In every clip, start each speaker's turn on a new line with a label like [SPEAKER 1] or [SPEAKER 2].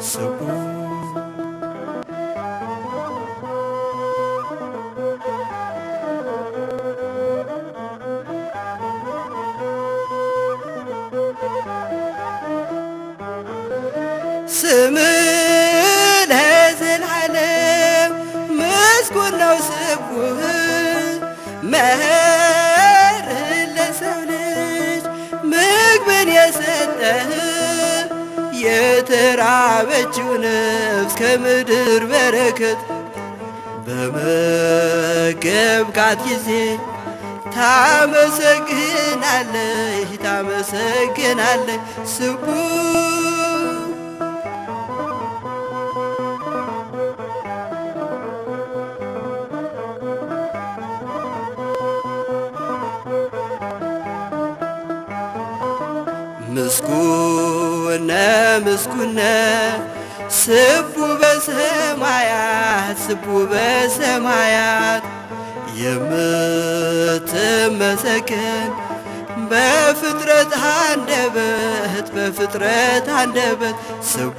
[SPEAKER 1] So. የተራበችው ነፍስ ከምድር በረከት በመገብካት ጊዜ ታመሰግናለህ ታመሰግናለህ ስቡ ምስጉ ኮነ ምስኩነ ስቡ በሰማያት ስቡ በሰማያት የምትመሰገን በፍጥረት አንደበት በፍጥረት አንደበት ስቡ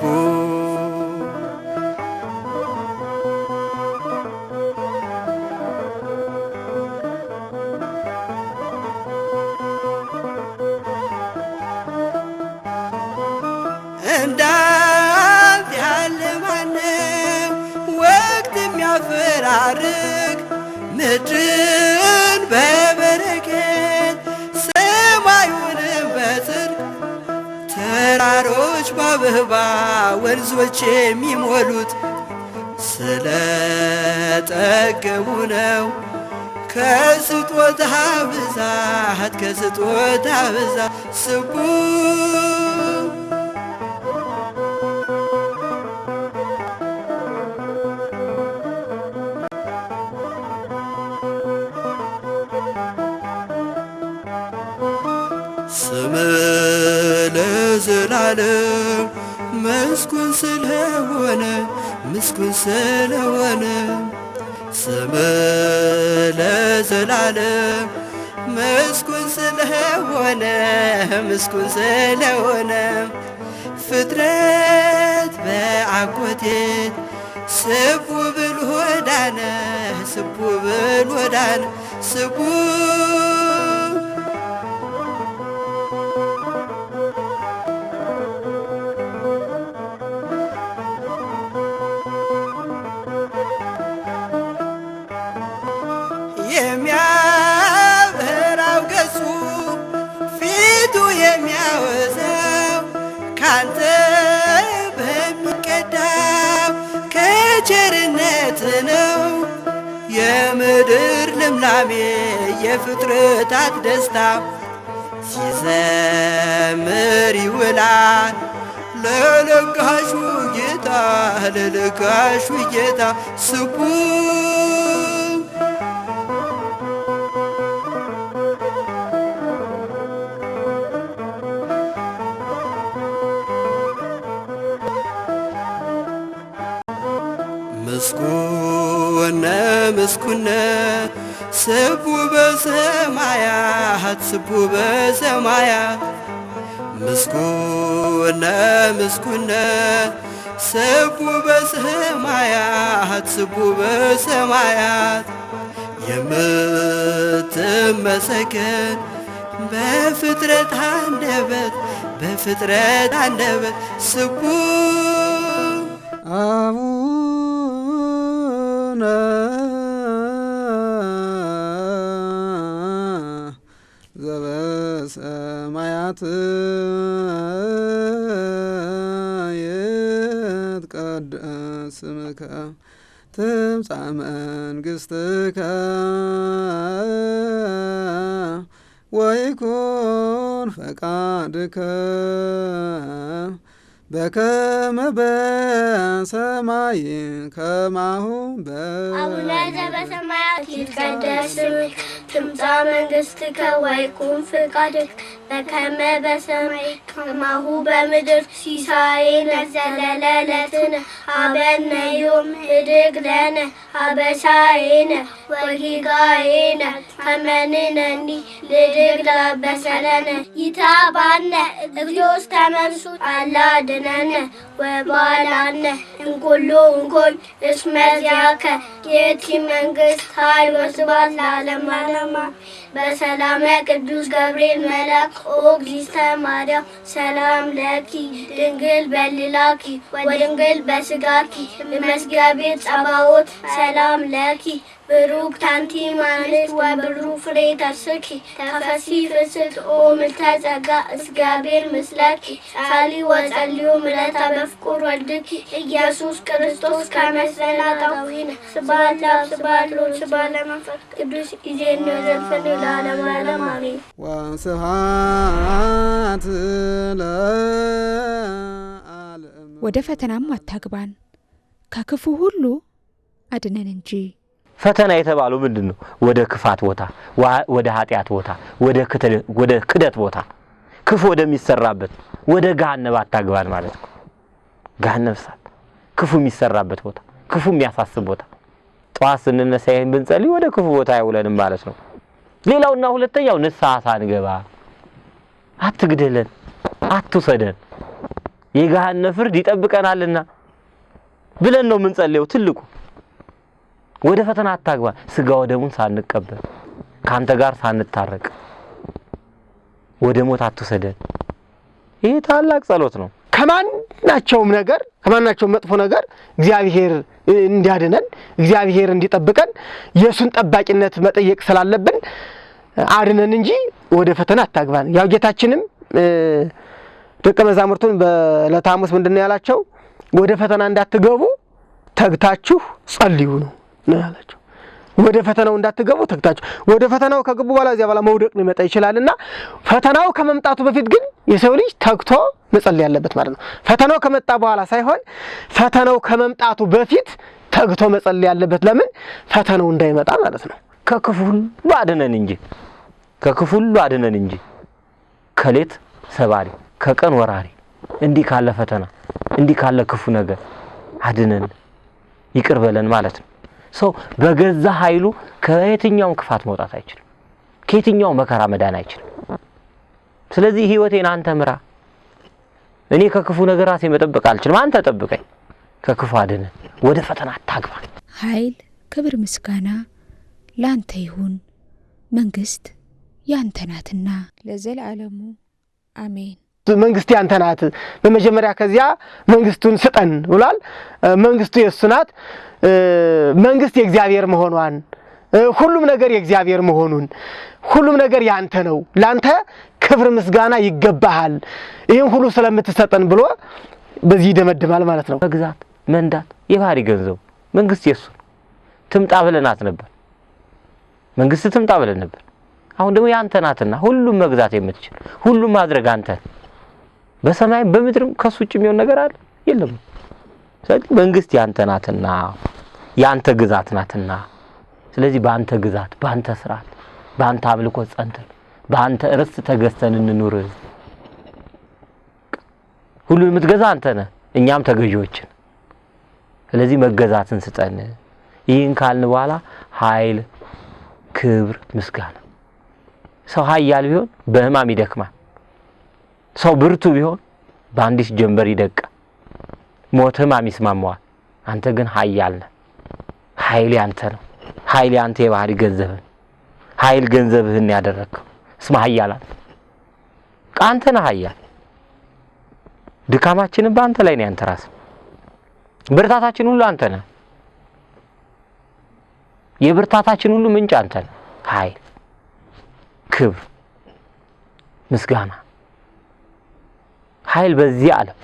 [SPEAKER 1] ምድርን በበረከት ሰማዩንም በጽድቅ ተራሮች በአበባ ወንዞች የሚሞሉት ስለ ጠገቡ ነው። ከስጦታ ብዛት ከስጦታ ብዛት ስቡ አልቻለም። ምስጉን ስለሆነ ምስጉን ስለሆነ ስም ለዘላለም ምስጉን ስለሆነ ምስጉን ስለሆነ ፍጥረት በአጎቴት ስቡ ብል ወዳነ ስቡ ብል ወዳነ ስቡ የፍቅር ልምላሜ የፍጥረታት ደስታ ሲዘምር ይውላል ለለጋሹ ጌታ ለለጋሹ ጌታ ስቡር በምስኩነ ስቡ በሰማያት ስቡ በሰማያት ምስኩነ ምስኩነ ስቡ በሰማያት ስቡ በሰማያት የምትመሰገን በፍጥረት አንደበት በፍጥረት አንደበት ስቡ ይትቀደስ ስምከ ትምጻእ መንግሥትከ ወይኩን ፈቃድከ በከመ በሰማይ ከማሁ አቡነ
[SPEAKER 2] ዘበሰማያት ይትቀደስ ስምከ ትምጻእ መንግሥትከ ወይኩን ፈቃድከ ከመ በሰማይ ከማሁ በምድር ሲሳይ ሲሳይነ ዘለለለትነ አበነዮም ህድግ ለነ አበሳይነ ወጊጋይነ ከመንነኒ ልድግ ለበሰለነ ይታባነ እግዚኦ ተመንሱ አላድነነ ወባላነ እንኩሉ እንኮይ እስመዚያከ የቲ መንግስት ኃይል ወስብሐት ለዓለሙ ዓለም በሰላመ ቅዱስ ገብርኤል መልአክ ኦ እግዚእስተ ማርያም ሰላም ለኪ ድንግል በልላኪ ወድንግል በስጋኪ እመስጋቤ ጸባኦት ሰላም ለኪ ብሩክ ታንቲ ማንስ ወብሩ ፍሬ ተርስኪ ተፈሲ ፍስት ኦ ምልተ ጸጋ እስጋቤር ምስለኪ ጻሊ ወጸልዩ ምለተ በፍቁር ወልድኪ ኢየሱስ ክርስቶስ ከመስለና ጠዊነ ስባላ ስባሎ ስብሐት ለወልድ ቅዱስ ይዜን ዘልፈን ለዓለም
[SPEAKER 1] ዓለም አሜን። ወስብሐት
[SPEAKER 3] ወደ ፈተናም አታግባን ከክፉ ሁሉ አድነን እንጂ
[SPEAKER 4] ፈተና የተባለው ምንድን ነው? ወደ ክፋት ቦታ፣ ወደ ኃጢአት ቦታ፣ ወደ ክደት ቦታ፣ ክፉ ወደሚሰራበት ወደ ገሃነብ አታግባን ማለት ነው። ገሃነብ እሳት፣ ክፉ የሚሰራበት ቦታ፣ ክፉ የሚያሳስብ ቦታ። ጠዋት ስንነሳ ይህን ብንጸልይ ወደ ክፉ ቦታ አይውለንም ማለት ነው። ሌላውና ሁለተኛው ንስሐ ሳንገባ አትግደለን፣ አትውሰደን፣ የገሃነብ ፍርድ ይጠብቀናልና ብለን ነው የምንጸልየው ትልቁ ወደ ፈተና አታግባ፣ ስጋ ወደሙን ሳንቀበል ካንተ ጋር ሳንታረቅ ወደ ሞት አትውሰደን።
[SPEAKER 5] ይህ ታላቅ ጸሎት ነው። ከማናቸውም ነገር ከማናቸውም መጥፎ ነገር እግዚአብሔር እንዲያድነን እግዚአብሔር እንዲጠብቀን የእሱን ጠባቂነት መጠየቅ ስላለብን አድነን እንጂ ወደ ፈተና አታግባን። ያው ጌታችንም ደቀ መዛሙርቱን በዕለተ ሐሙስ ምንድን ነው ያላቸው? ወደ ፈተና እንዳትገቡ ተግታችሁ ጸልዩ ነው። ነው ያላቸው። ወደ ፈተናው እንዳትገቡ ተግታችሁ ወደ ፈተናው ከገቡ በኋላ እዚያ በኋላ መውደቅ ሊመጣ ይችላልና ፈተናው ከመምጣቱ በፊት ግን የሰው ልጅ ተግቶ መጸለይ ያለበት ማለት ነው። ፈተናው ከመጣ በኋላ ሳይሆን ፈተናው ከመምጣቱ በፊት ተግቶ መጸለይ ያለበት ለምን ፈተናው እንዳይመጣ ማለት ነው። ከክፉ ሁሉ አድነን እንጂ
[SPEAKER 4] ከክፉ ሁሉ አድነን እንጂ ከሌት ሰባሪ ከቀን ወራሪ እንዲህ ካለ ፈተና እንዲህ ካለ ክፉ ነገር አድነን ይቅር በለን ማለት ነው። ሰው በገዛ ኃይሉ ከየትኛውም ክፋት መውጣት አይችልም። ከየትኛው መከራ መዳን አይችልም። ስለዚህ ህይወቴን አንተ ምራ። እኔ ከክፉ ነገር ራሴን መጠበቅ አልችልም። አንተ ጠብቀኝ፣ ከክፉ አድነን፣ ወደ ፈተና አታግባ።
[SPEAKER 3] ኃይል፣ ክብር፣ ምስጋና ለአንተ ይሁን፣ መንግስት ያንተ ናትና ለዘላለሙ አሜን።
[SPEAKER 5] መንግስት ያንተ ናት፣ በመጀመሪያ ከዚያ መንግስቱን ስጠን ብሏል። መንግስቱ የእሱ ናት። መንግስት የእግዚአብሔር መሆኗን ሁሉም ነገር የእግዚአብሔር መሆኑን ሁሉም ነገር ያንተ ነው፣ ላንተ ክብር ምስጋና ይገባሃል፣ ይህም ሁሉ ስለምትሰጠን ብሎ በዚህ ይደመድማል ማለት ነው። መግዛት መንዳት
[SPEAKER 4] የባህሪ ገንዘቡ መንግስት የእሱ ትምጣ ብለናት ነበር፣ መንግስት ትምጣ ብለን ነበር። አሁን ደግሞ ያንተ ናትና ሁሉም መግዛት የምትችል ሁሉም ማድረግ አንተ በሰማይም በምድርም ከሱ ውጭ የሚሆን ነገር አለ የለም። ስለዚህ መንግስት ያንተ ናትና ያንተ ግዛት ናትና፣ ስለዚህ በአንተ ግዛት፣ በአንተ ስርዓት፣ በአንተ አምልኮ ጸንተን፣ በአንተ ርስት ተገዝተን እንኑር። ሁሉን የምትገዛ አንተ ነህ፣ እኛም ተገዢዎችን። ስለዚህ መገዛትን ስጠን። ይህን ካልን በኋላ ኃይል፣ ክብር፣ ምስጋና ሰው ኃያል ቢሆን በህማም ይደክማል። ሰው ብርቱ ቢሆን በአንዲት ጀንበር ይደቀ ሞትም አሚስማማዋል። አንተ ግን ኃያል ነህ። ኃይል ያንተ ነው። ኃይል ያንተ የባህሪ ገንዘብህ ኃይል ገንዘብህን ያደረግከው እስመ ኃያላን አንተ ነህ ኃያል። ድካማችንም በአንተ ላይ ነው። ያንተ ራስ ብርታታችን ሁሉ አንተ ነህ። የብርታታችን ሁሉ ምንጭ አንተ ነህ። ኃይል፣ ክብር፣ ምስጋና ኃይል በዚህ ዓለም፣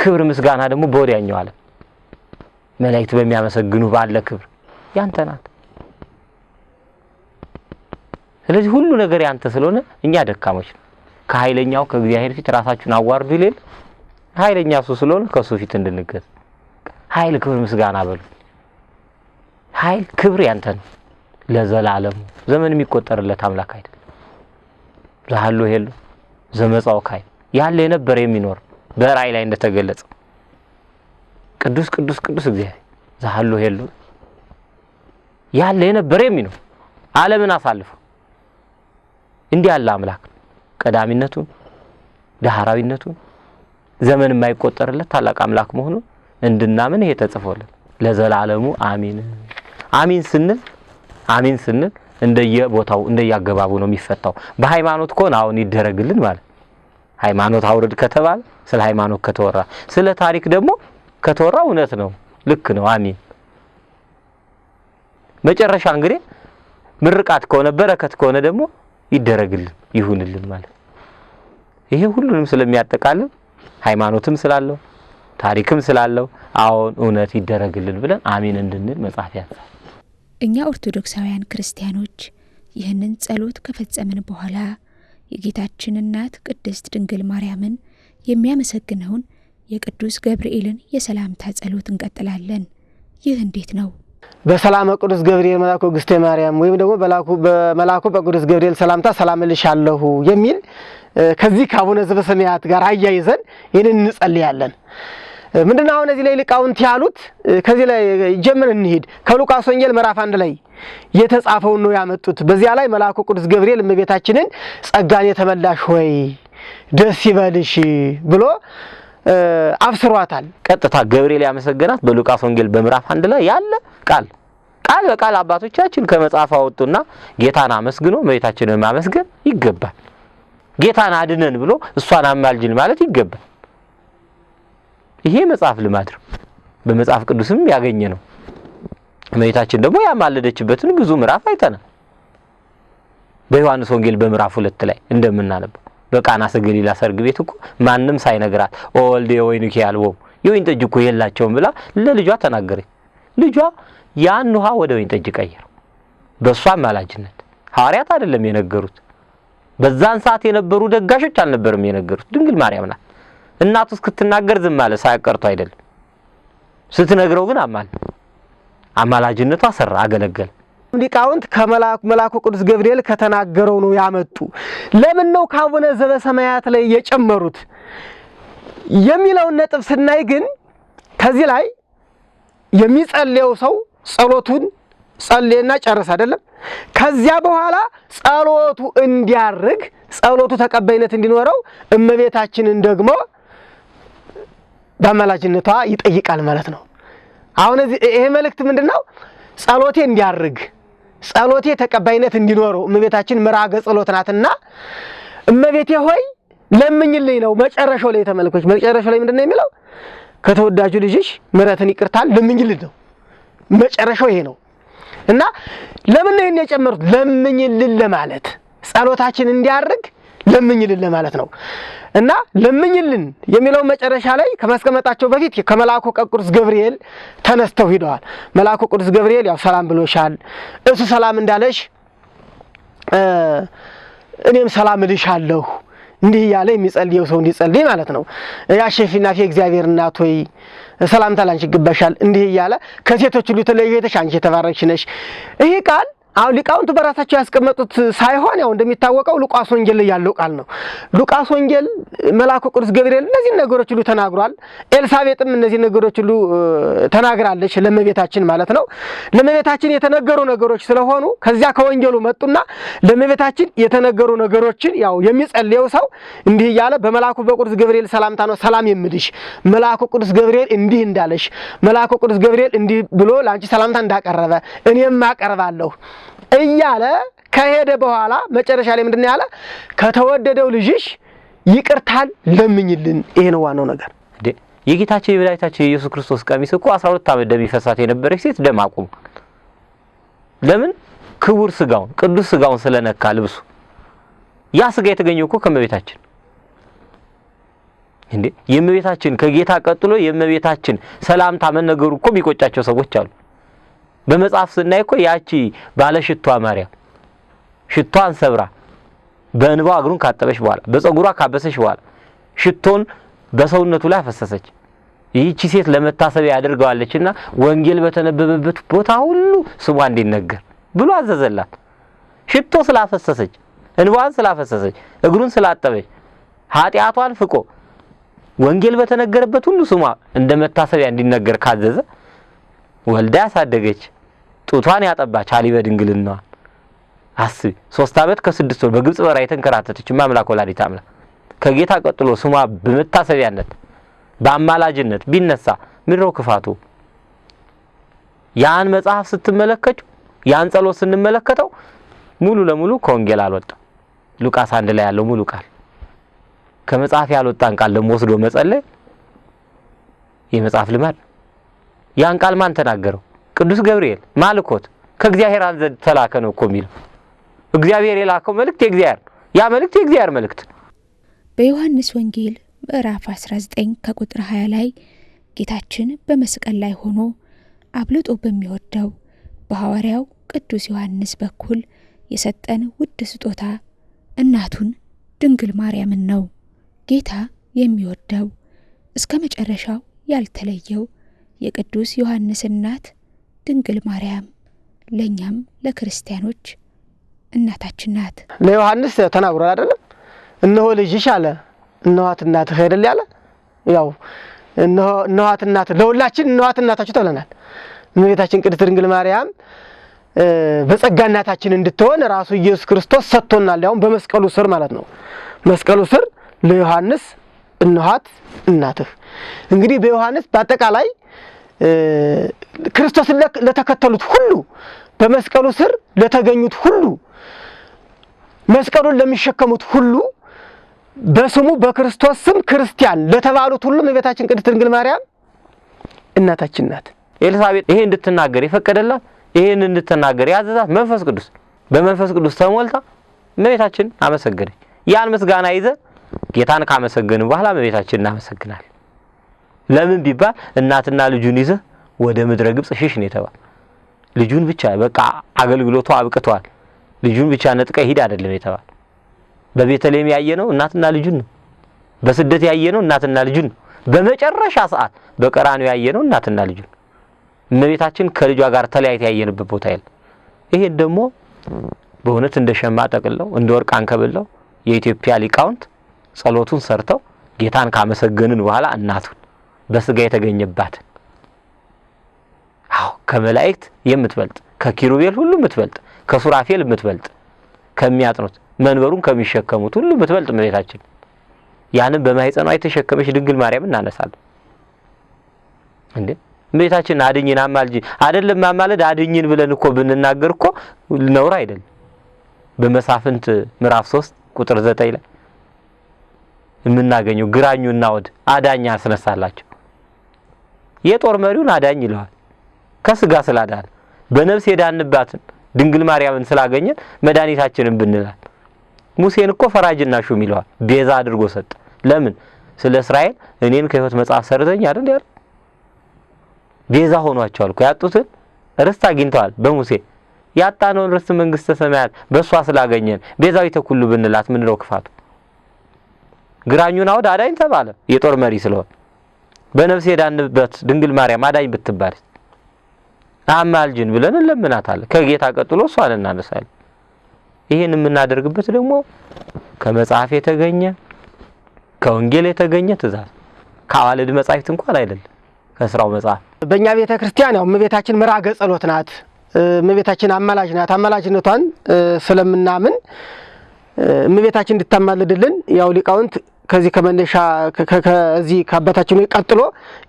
[SPEAKER 4] ክብር ምስጋና ደግሞ በወዲያኛው ዓለም መላእክት በሚያመሰግኑ ባለ ክብር ያንተ ናት። ስለዚህ ሁሉ ነገር ያንተ ስለሆነ እኛ ደካሞች ነው። ከኃይለኛው ከእግዚአብሔር ፊት ራሳችሁን አዋርዱ ይላል። ኃይለኛ እሱ ስለሆነ ከእሱ ፊት እንድንገዝ ኃይል ክብር ምስጋና በሉ። ኃይል ክብር ያንተ ነው ለዘላለሙ ዘመን የሚቆጠርለት አምላክ አይደለም። ዛሃሉ ሄሉ ዘመጻው ካይ ያለ የነበረ የሚኖር በራእይ ላይ እንደተገለጸ ቅዱስ ቅዱስ ቅዱስ እግዚአብሔር ዛሃሉ ሄሉ ያለ የነበረ የሚኖር ዓለምን አሳልፎ እንዲህ ያለ አምላክ ቀዳሚነቱን ዳህራዊነቱን ዘመን የማይቆጠርለት ታላቅ አምላክ መሆኑን እንድናምን ይሄ ተጽፎልን ለዘላለሙ አሚን። አሚን ስንል አሚን ስንል እንደየቦታው እንደየአገባቡ ነው የሚፈታው። በሃይማኖት ከሆነ አሁን ይደረግልን ማለት ሃይማኖት አውርድ ከተባለ ስለ ሃይማኖት ከተወራ፣ ስለ ታሪክ ደግሞ ከተወራ እውነት ነው፣ ልክ ነው። አሚን። መጨረሻ እንግዲህ ምርቃት ከሆነ በረከት ከሆነ ደግሞ ይደረግልን ይሁንልን ማለት ይሄ ሁሉንም ስለሚያጠቃልል ሃይማኖትም ስላለው ታሪክም ስላለው አሁን እውነት ይደረግልን ብለን አሚን እንድንል መጽሐፍ ያዘ።
[SPEAKER 3] እኛ ኦርቶዶክሳውያን ክርስቲያኖች ይህንን ጸሎት ከፈጸምን በኋላ የጌታችን እናት ቅድስት ድንግል ማርያምን የሚያመሰግነውን የቅዱስ ገብርኤልን የሰላምታ ጸሎት እንቀጥላለን። ይህ እንዴት ነው?
[SPEAKER 5] በሰላመ ቅዱስ ገብርኤል መላኩ ግስተ ማርያም ወይም ደግሞ በመላኩ በቅዱስ ገብርኤል ሰላምታ ሰላም እልሻለሁ የሚል ከዚህ ከአቡነ ዘበሰማያት ጋር አያይዘን ይህንን እንጸልያለን። ምንድነው አሁን እዚህ ላይ ሊቃውንት ያሉት? ከዚህ ላይ ጀምር እንሂድ። ከሉቃስ ወንጌል ምዕራፍ አንድ ላይ የተጻፈውን ነው ያመጡት። በዚያ ላይ መልአኩ ቅዱስ ገብርኤል እመቤታችንን ጸጋን የተመላሽ ሆይ ደስ ይበልሽ ብሎ አብስሯታል።
[SPEAKER 4] ቀጥታ ገብርኤል ያመሰገናት በሉቃስ ወንጌል በምዕራፍ አንድ ላይ ያለ ቃል ቃል በቃል አባቶቻችን ከመጽሐፍ አወጡና ጌታን አመስግኖ እመቤታችንን ማመስገን ይገባል። ጌታን አድነን ብሎ እሷን አማልጅን ማለት ይገባል። ይሄ መጽሐፍ ልማድ ነው። በመጽሐፍ ቅዱስም ያገኘ ነው። እመቤታችን ደግሞ ያማለደችበትን ብዙ ምዕራፍ አይተናል። በዮሐንስ ወንጌል በምዕራፍ ሁለት ላይ እንደምናነበው በቃና ዘገሊላ ሰርግ ቤት እኮ ማንም ሳይነግራት ወልደ የወይኑ ያልቦሙ የወይን ጠጅ እኮ የላቸውም ብላ ለልጇ ተናገረች። ልጇ ያን ውሃ ወደ ወይን ጠጅ ቀየረው። በእሷ አማላጅነት ሐዋርያት አይደለም የነገሩት። በዛን ሰዓት የነበሩ ደጋሾች አልነበርም የነገሩት፣ ድንግል ማርያም ናት። እናቱ እስክትናገር ዝም አለ። ሳያቀርቱ አይደለም ስትነግረው ግን አማል አማላጅነቱ አሰራ አገለገለ።
[SPEAKER 5] ሊቃውንት ከመልአኩ ቅዱስ ገብርኤል ከተናገረው ነው ያመጡ። ለምን ነው ካቡነ ዘበሰማያት ላይ የጨመሩት የሚለውን ነጥብ ስናይ ግን ከዚህ ላይ የሚጸልየው ሰው ጸሎቱን ጸልየና ጨርስ አይደለም። ከዚያ በኋላ ጸሎቱ እንዲያርግ ጸሎቱ ተቀባይነት እንዲኖረው እመቤታችንን ደግሞ በአማላጅነቷ ይጠይቃል ማለት ነው። አሁን ይሄ መልእክት ምንድን ነው? ጸሎቴ እንዲያርግ ጸሎቴ ተቀባይነት እንዲኖረው እመቤታችን መራገ ጸሎት ናትና እመቤቴ ሆይ ለምኝልኝ ነው መጨረሻው ላይ ተመልኮች። መጨረሻው ላይ ምንድነው የሚለው? ከተወዳጁ ልጅሽ ምሕረትን ይቅርታን ለምኝልን ነው መጨረሻው ይሄ ነው። እና ለምን ነው ይሄን የጨመሩት? ለምኝልን ለማለት ጸሎታችን እንዲያርግ ለምኝልን ለማለት ነው። እና ለምኝልን የሚለው መጨረሻ ላይ ከማስቀመጣቸው በፊት ከመልአኩ ቅዱስ ገብርኤል ተነስተው ሂደዋል። መልአኩ ቅዱስ ገብርኤል ያው ሰላም ብሎሻል፣ እሱ ሰላም እንዳለሽ እኔም ሰላም እልሻለሁ እንዲህ እያለ የሚጸልየው ሰው እንዲጸልይ ማለት ነው። ፊ እግዚአብሔር እናት ሆይ ሰላምታ ላንቺ ይገባሻል እንዲህ እያለ ከሴቶች ሁሉ ተለይተሽ አንቺ የተባረክሽ ነሽ። ይህ ቃል አሁን ሊቃውንቱ በራሳቸው ያስቀመጡት ሳይሆን ያው እንደሚታወቀው ሉቃስ ወንጌል ላይ ያለው ቃል ነው። ሉቃስ ወንጌል መልአኩ ቅዱስ ገብርኤል እነዚህ ነገሮች ሁሉ ተናግሯል። ኤልሳቤጥም እነዚህ ነገሮች ሁሉ ተናግራለች፣ ለእመቤታችን ማለት ነው። ለመቤታችን የተነገሩ ነገሮች ስለሆኑ ከዚያ ከወንጌሉ መጡና ለመቤታችን የተነገሩ ነገሮችን ያው የሚጸልየው ሰው እንዲህ እያለ በመልአኩ በቅዱስ ገብርኤል ሰላምታ ነው ሰላም የምልሽ፣ መልአኩ ቅዱስ ገብርኤል እንዲህ እንዳለሽ፣ መልአኩ ቅዱስ ገብርኤል እንዲህ ብሎ ለአንቺ ሰላምታ እንዳቀረበ እኔም አቀርባለሁ እያለ ከሄደ በኋላ መጨረሻ ላይ ምንድን ያለ? ከተወደደው ልጅሽ ይቅርታን ለምኝልን። ይሄ ነው ዋናው ነገር።
[SPEAKER 4] የጌታችን የመድኃኒታችን የኢየሱስ ክርስቶስ ቀሚስ እኮ አስራ ሁለት ዓመት ደም ይፈሳት የነበረች ሴት ደም አቁም። ለምን? ክቡር ስጋውን ቅዱስ ስጋውን ስለነካ ልብሱ ያ ስጋ የተገኘው እኮ ከእመቤታችን እንዴ የእመቤታችን ከጌታ ቀጥሎ የእመቤታችን ሰላምታ መነገሩ እኮ የሚቆጫቸው ሰዎች አሉ። በመጽሐፍ ስናይ እኮ ያቺ ባለ ሽቷ ማርያም ሽቷን ሰብራ በእንባዋ እግሩን ካጠበች በኋላ በፀጉሯ ካበሰች በኋላ ሽቶን በሰውነቱ ላይ አፈሰሰች። ይህቺ ሴት ለመታሰቢያ ያደርገዋለችና ወንጌል በተነበበበት ቦታ ሁሉ ስሟ እንዲነገር ብሎ አዘዘላት። ሽቶ ስላፈሰሰች፣ እንባዋን ስላፈሰሰች፣ እግሩን ስላጠበች፣ ኃጢአቷን ፍቆ ወንጌል በተነገረበት ሁሉ ስሟ እንደ መታሰቢያ እንዲነገር ካዘዘ ወልዳ ያሳደገች ጡቷን ያጠባች አሊ በድንግልናዋ አስቢ። ሶስት አመት ከስድስት ወር በግብፅ በራ የተንከራተተች ማምላክ ወላዲተ አምላክ ከጌታ ቀጥሎ ስሟ በመታሰቢያነት በአማላጅነት ቢነሳ ምድረው ክፋቱ። ያን መጽሐፍ ስትመለከቱ ያን ጸሎት ስንመለከተው ሙሉ ለሙሉ ከወንጌል አልወጣ ሉቃስ አንድ ላይ ያለው ሙሉ ቃል ከመጽሐፍ ያልወጣን ቃል ደግሞ ወስዶ መጸለይ የመጽሐፍ ልማድ። ያን ቃል ማን ተናገረው? ቅዱስ ገብርኤል ማልኮት ከእግዚአብሔር ዘንድ ተላከ ነው እኮ የሚለው እግዚአብሔር የላከው መልእክት የእግዚአብሔር ያ መልእክት የእግዚአብሔር መልእክት።
[SPEAKER 3] በዮሐንስ ወንጌል ምዕራፍ 19 ከቁጥር 20 ላይ ጌታችን በመስቀል ላይ ሆኖ አብልጦ በሚወደው በሐዋርያው ቅዱስ ዮሐንስ በኩል የሰጠን ውድ ስጦታ እናቱን ድንግል ማርያምን ነው። ጌታ የሚወደው እስከ መጨረሻው ያልተለየው የቅዱስ ዮሐንስ እናት ድንግል ማርያም ለእኛም ለክርስቲያኖች እናታችን ናት።
[SPEAKER 5] ለዮሐንስ ተናግሯል አይደለም? እነሆ ልጅሽ አለ፣ እነኋት እናትህ አይደል ያለ። ያው እነኋት እናት ለሁላችን እነኋት እናታችሁ ተብለናል። እመቤታችን ቅድስት ድንግል ማርያም በጸጋ እናታችን እንድትሆን ራሱ ኢየሱስ ክርስቶስ ሰጥቶናል። ያሁን በመስቀሉ ስር ማለት ነው። መስቀሉ ስር ለዮሐንስ እነኋት እናትህ እንግዲህ በዮሐንስ በአጠቃላይ ክርስቶስን ለተከተሉት ሁሉ በመስቀሉ ስር ለተገኙት ሁሉ መስቀሉን ለሚሸከሙት ሁሉ በስሙ በክርስቶስ ስም ክርስቲያን ለተባሉት ሁሉ የቤታችን ቅድስት ድንግል ማርያም እናታችን ናት። ኤልሳቤጥ ይሄ
[SPEAKER 4] እንድትናገር የፈቀደላት ይሄን እንድትናገር ያዘዛት መንፈስ ቅዱስ በመንፈስ ቅዱስ ተሞልታ እመቤታችን አመሰገነች። ያን ምስጋና ይዘ ጌታን ካመሰገን በኋላ እመቤታችን እናመሰግናል። ለምን ቢባል እናትና ልጁን ይዘህ ወደ ምድረ ግብጽ ሽሽ ነው የተባለ። ልጁን ብቻ በቃ አገልግሎቱ አብቅቷል፣ ልጁን ብቻ ነጥቀ ሂድ አይደለም የተባለ በቤተልሔም ያየነው እናትና ልጁን ነው። በስደት ያየነው እናትና ልጁን ነው። በመጨረሻ ሰዓት በቀራኒው ያየነው እናትና ልጁን። እመቤታችን ከልጇ ጋር ተለያይታ ያየንበት ቦታ የለ። ይሄን ደግሞ በእውነት እንደ ሸማ ጠቅለው እንደ ወርቅ አንከብለው የኢትዮጵያ ሊቃውንት ጸሎቱን ሰርተው ጌታን ካመሰገንን በኋላ እናቱን በስጋ የተገኘባት አዎ ከመላእክት የምትበልጥ ከኪሩቤል ሁሉ የምትበልጥ ከሱራፌል የምትበልጥ ከሚያጥኑት መንበሩን ከሚሸከሙት ሁሉ የምትበልጥ እመቤታችን ያንም በማህፀኗ የተሸከመች ድንግል ማርያም እናነሳለን። እንዴ እመቤታችን አድኝን አማልጅ አይደለም ማማለድ አድኝን ብለን እኮ ብንናገር እኮ ነውር አይደለም። በመሳፍንት ምዕራፍ 3 ቁጥር 9 ላይ የምናገኘው ግራኙና ወድ አዳኝ አስነሳላቸው። የጦር መሪውን አዳኝ ይለዋል። ከስጋ ስላዳን በነፍስ የዳንባትን ድንግል ማርያምን ስላገኘን መድኃኒታችንን ብንላል። ሙሴን እኮ ፈራጅና ሹም ይለዋል። ቤዛ አድርጎ ሰጠ። ለምን? ስለ እስራኤል እኔን ከህይወት መጽሐፍ ሰርዘኝ አይደል ያለ ቤዛ ሆኗቸዋል እኮ ያጡትን ርስት አግኝተዋል። በሙሴ ያጣነውን ርስት መንግስተ ሰማያት በእሷ ስላገኘን ቤዛዊተ ኩሉ ብንላት ምንድነው ክፋቱ? ግራኙን አውድ አዳኝ ተባለ የጦር መሪ ስለሆነ በነፍሴ የዳንበት ድንግል ማርያም አዳኝ ብትባል አማልጅን ብለን እንለምናታለን። ከጌታ ቀጥሎ እሷን እናነሳለን። ይህን የምናደርግበት ደግሞ ከመጽሐፍ የተገኘ ከወንጌል የተገኘ ትእዛዝ ከአዋልድ መጻሕፍት እንኳን አይደለም፣ ከስራው መጽሐፍ።
[SPEAKER 5] በእኛ ቤተ ክርስቲያን ያው እመቤታችን ምራገ ገጸሎት ናት። እመቤታችን አማላጅ ናት። አማላጅነቷን ስለምናምን እመቤታችን እንድታማልድልን ያው ሊቃውንት ከዚህ ከመነሻ ከዚህ ከአባታችን ቀጥሎ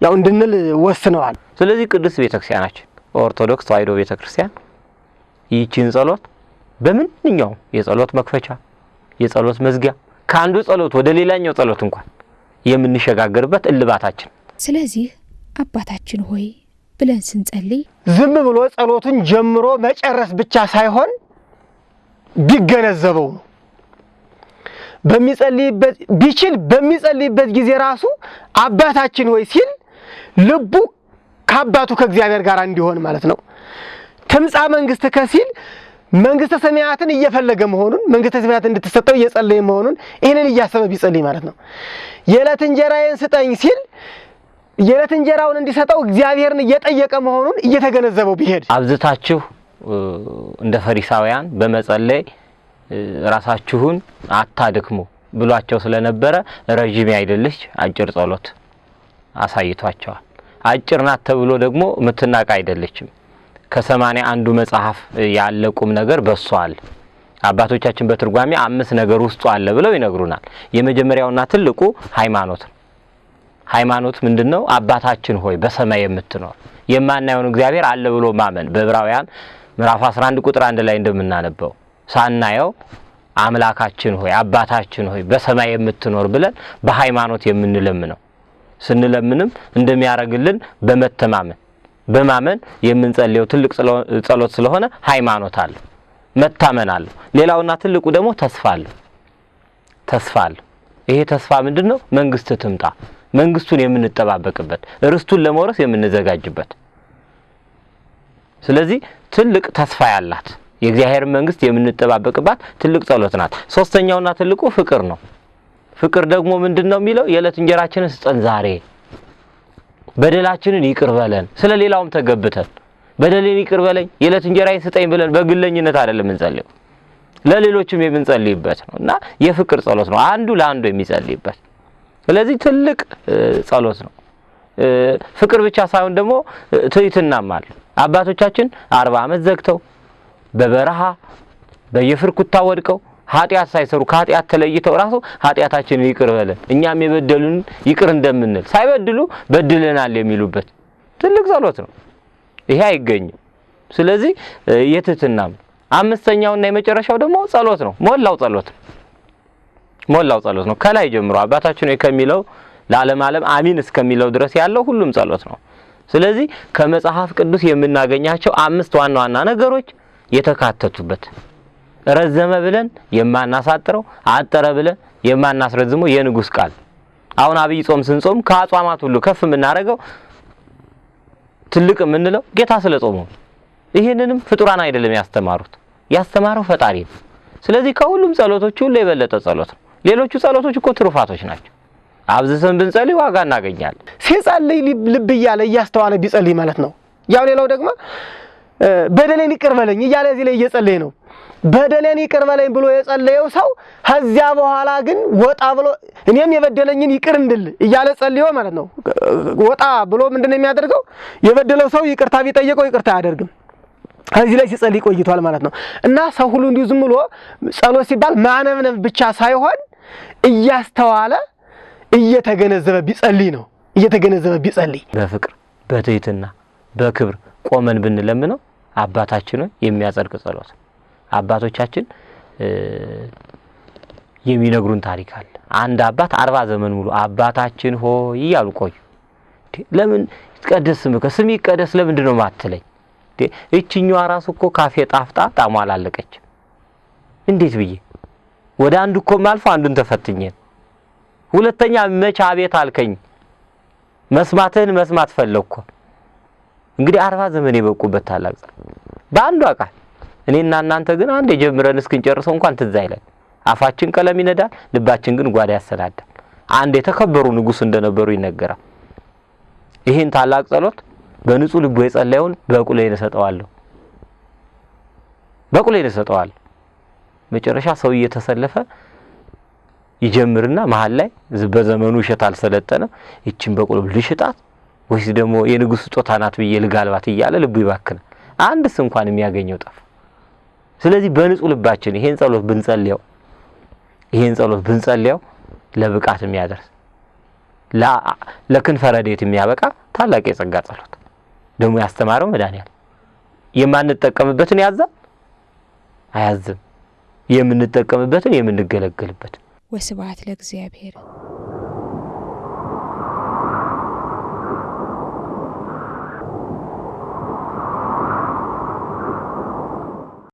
[SPEAKER 5] ያው እንድንል ወስነዋል።
[SPEAKER 4] ስለዚህ ቅዱስ ቤተክርስቲያናችን ኦርቶዶክስ ተዋሕዶ ቤተክርስቲያን ይህችን ጸሎት በምንኛው የጸሎት መክፈቻ፣ የጸሎት መዝጊያ ከአንዱ ጸሎት ወደ ሌላኛው ጸሎት እንኳን የምንሸጋገርበት እልባታችን።
[SPEAKER 3] ስለዚህ አባታችን ሆይ ብለን ስንጸልይ ዝም ብሎ ጸሎቱን ጀምሮ መጨረስ ብቻ ሳይሆን ቢገነዘበው
[SPEAKER 5] ነው በሚጸልይበት ቢችል በሚጸልይበት ጊዜ ራሱ አባታችን ሆይ ሲል ልቡ ከአባቱ ከእግዚአብሔር ጋር እንዲሆን ማለት ነው። ትምጻ መንግስት ከሲል መንግስተ ሰማያትን እየፈለገ መሆኑን መንግስተ ሰማያት እንድትሰጠው እየጸለየ መሆኑን ይህንን እያሰበ ቢጸልይ ማለት ነው። የዕለት እንጀራዬን ስጠኝ ሲል የዕለት እንጀራውን እንዲሰጠው እግዚአብሔርን እየጠየቀ መሆኑን እየተገነዘበው ቢሄድ
[SPEAKER 4] አብዝታችሁ እንደ ፈሪሳውያን በመጸለይ ራሳችሁን አታድክሙ ብሏቸው ስለነበረ ረዥም አይደለች አጭር ጸሎት አሳይቷቸዋል። አጭር ናት ተብሎ ደግሞ ምትናቅ አይደለችም። ከሰማንያ አንዱ መጽሐፍ ያለ ቁም ነገር በሷል። አባቶቻችን በትርጓሜ አምስት ነገር ውስጡ አለ ብለው ይነግሩናል። የመጀመሪያውና ትልቁ ሃይማኖት ነው። ሃይማኖት ምንድን ነው? አባታችን ሆይ በሰማይ የምትኖር የማናየውን እግዚአብሔር አለ ብሎ ማመን በዕብራውያን ምዕራፍ 11 ቁጥር አንድ ላይ እንደምናነበው ሳናየው አምላካችን ሆይ አባታችን ሆይ በሰማይ የምትኖር ብለን በሃይማኖት የምንለምነው ስንለምንም እንደሚያደርግልን በመተማመን በማመን የምንጸልየው ትልቅ ጸሎት ስለሆነ ሃይማኖት አለው፣ መታመን አለው። ሌላውና ትልቁ ደግሞ ተስፋ አለው። ተስፋ አለው። ይሄ ተስፋ ምንድን ነው? መንግስት ትምጣ፣ መንግስቱን የምንጠባበቅበት፣ ርስቱን ለመውረስ የምንዘጋጅበት። ስለዚህ ትልቅ ተስፋ ያላት የእግዚአብሔር መንግስት የምንጠባበቅባት ትልቅ ጸሎት ናት። ሶስተኛውና ትልቁ ፍቅር ነው። ፍቅር ደግሞ ምንድን ነው የሚለው? የዕለት እንጀራችንን ስጠን ዛሬ፣ በደላችንን ይቅር በለን፣ ስለ ሌላውም ተገብተን በደሌን ይቅር በለኝ የዕለት እንጀራዬን ስጠኝ ብለን በግለኝነት አይደለም የምንጸልየው፣ ለሌሎችም የምንጸልይበት ነው እና የፍቅር ጸሎት ነው። አንዱ ለአንዱ የሚጸልይበት ስለዚህ ትልቅ ጸሎት ነው። ፍቅር ብቻ ሳይሆን ደግሞ ትህትናም አለ። አባቶቻችን አርባ ዓመት ዘግተው በበረሃ በየፍርኩታ ወድቀው ኃጢአት ሳይሰሩ ከኃጢአት ተለይተው ራሱ ኃጢአታችንን ይቅር በለን እኛም የበደሉን ይቅር እንደምንል ሳይበድሉ በድለናል የሚሉበት ትልቅ ጸሎት ነው። ይሄ አይገኝም። ስለዚህ የትህትናም አምስተኛውና የመጨረሻው ደግሞ ጸሎት ነው። ሞላው ጸሎት ነው። ሞላው ጸሎት ነው። ከላይ ጀምሮ አባታችን ከሚለው ለዓለም ዓለም አሚን እስከሚለው ድረስ ያለው ሁሉም ጸሎት ነው። ስለዚህ ከመጽሐፍ ቅዱስ የምናገኛቸው አምስት ዋና ዋና ነገሮች የተካተቱበት ረዘመ ብለን የማናሳጥረው አጠረ ብለን የማናስረዝመው የንጉስ ቃል አሁን አብይ ጾም ስንጾም ከአጽዋማት ሁሉ ከፍ የምናደርገው ትልቅ የምንለው ጌታ ስለ ጾመው። ይህንንም ፍጡራን አይደለም ያስተማሩት፣ ያስተማረው ፈጣሪ ነው። ስለዚህ ከሁሉም ጸሎቶች ሁሉ የበለጠ ጸሎት ነው። ሌሎቹ ጸሎቶች እኮ ትሩፋቶች ናቸው። አብዝተን ብንጸልይ
[SPEAKER 5] ዋጋ እናገኛለን። ሲጸልይ ልብ እያለ እያስተዋለ ቢጸልይ ማለት ነው። ያው ሌላው ደግሞ በደሌን ይቅር በለኝ እያለ እዚህ ላይ እየጸለየ ነው። በደሌን ይቅር በለኝ ብሎ የጸለየው ሰው ከዚያ በኋላ ግን ወጣ ብሎ እኔም የበደለኝን ይቅር እንድል እያለ ጸልዮ ማለት ነው። ወጣ ብሎ ምንድን ነው የሚያደርገው? የበደለው ሰው ይቅርታ ቢጠየቀው ይቅርታ አያደርግም። ከዚህ ላይ ሲጸልይ ቆይቷል ማለት ነው። እና ሰው ሁሉ እንዲሁ ዝም ብሎ ጸሎት ሲባል ማነብነብ ብቻ ሳይሆን እያስተዋለ እየተገነዘበ ቢጸልይ ነው። እየተገነዘበ ቢጸልይ
[SPEAKER 4] በፍቅር በትህትና በክብር ቆመን ብንለምነው አባታችንን የሚያጸድቅ ጸሎት አባቶቻችን የሚነግሩን ታሪክ አለ። አንድ አባት አርባ ዘመን ሙሉ አባታችን ሆይ እያሉ ቆዩ። ለምን ይትቀደስ ስምከ ስም ይቀደስ ለምንድን ነው ማትለኝ? እችኛዋ ራሱ እኮ ካፌ ጣፍጣ ጣሟ አላለቀችም። እንዴት ብዬ ወደ አንዱ እኮ ማልፎ አንዱን ተፈትኘን፣ ሁለተኛ መቼ አቤት አልከኝ። መስማትህን መስማት ፈለግኩ። እንግዲህ አርባ ዘመን የበቁበት ታላቅ ጻድቅ በአንዷ ቃል እኔና እናንተ ግን አንድ የጀምረን እስክንጨርሰው እንኳን ትዝ አይለን። አፋችን ቀለም ይነዳል፣ ልባችን ግን ጓዳ ያሰናዳል። አንድ የተከበሩ ንጉሥ እንደነበሩ ይነገራል። ይህን ታላቅ ጸሎት በንጹህ ልቦ የጸለየውን በቁሌን እሰጠዋለሁ፣ በቁሌን እሰጠዋለሁ። መጨረሻ ሰው እየተሰለፈ ይጀምርና መሀል ላይ በዘመኑ እሸት አልሰለጠነ ይችን በቁሎ ልሽጣት ወይስ ደግሞ የንጉሥ ስጦታ ናት ብዬ ልጋልባት እያለ ልቡ ይባክናል። አንድስ እንኳን የሚያገኘው ጠፋ። ስለዚህ በንጹህ ልባችን ይሄን ጸሎት ብንጸልየው ይሄን ጸሎት ብንጸልየው ለብቃት የሚያደርስ ለክንፈ ረድኤት የሚያበቃ ታላቅ የጸጋ ጸሎት ደግሞ ያስተማረው መድኃኒዓለም የማንጠቀምበትን ያዛል አያዝም፣ የምንጠቀምበትን የምንገለገልበት።
[SPEAKER 3] ወስብሐት ለእግዚአብሔር።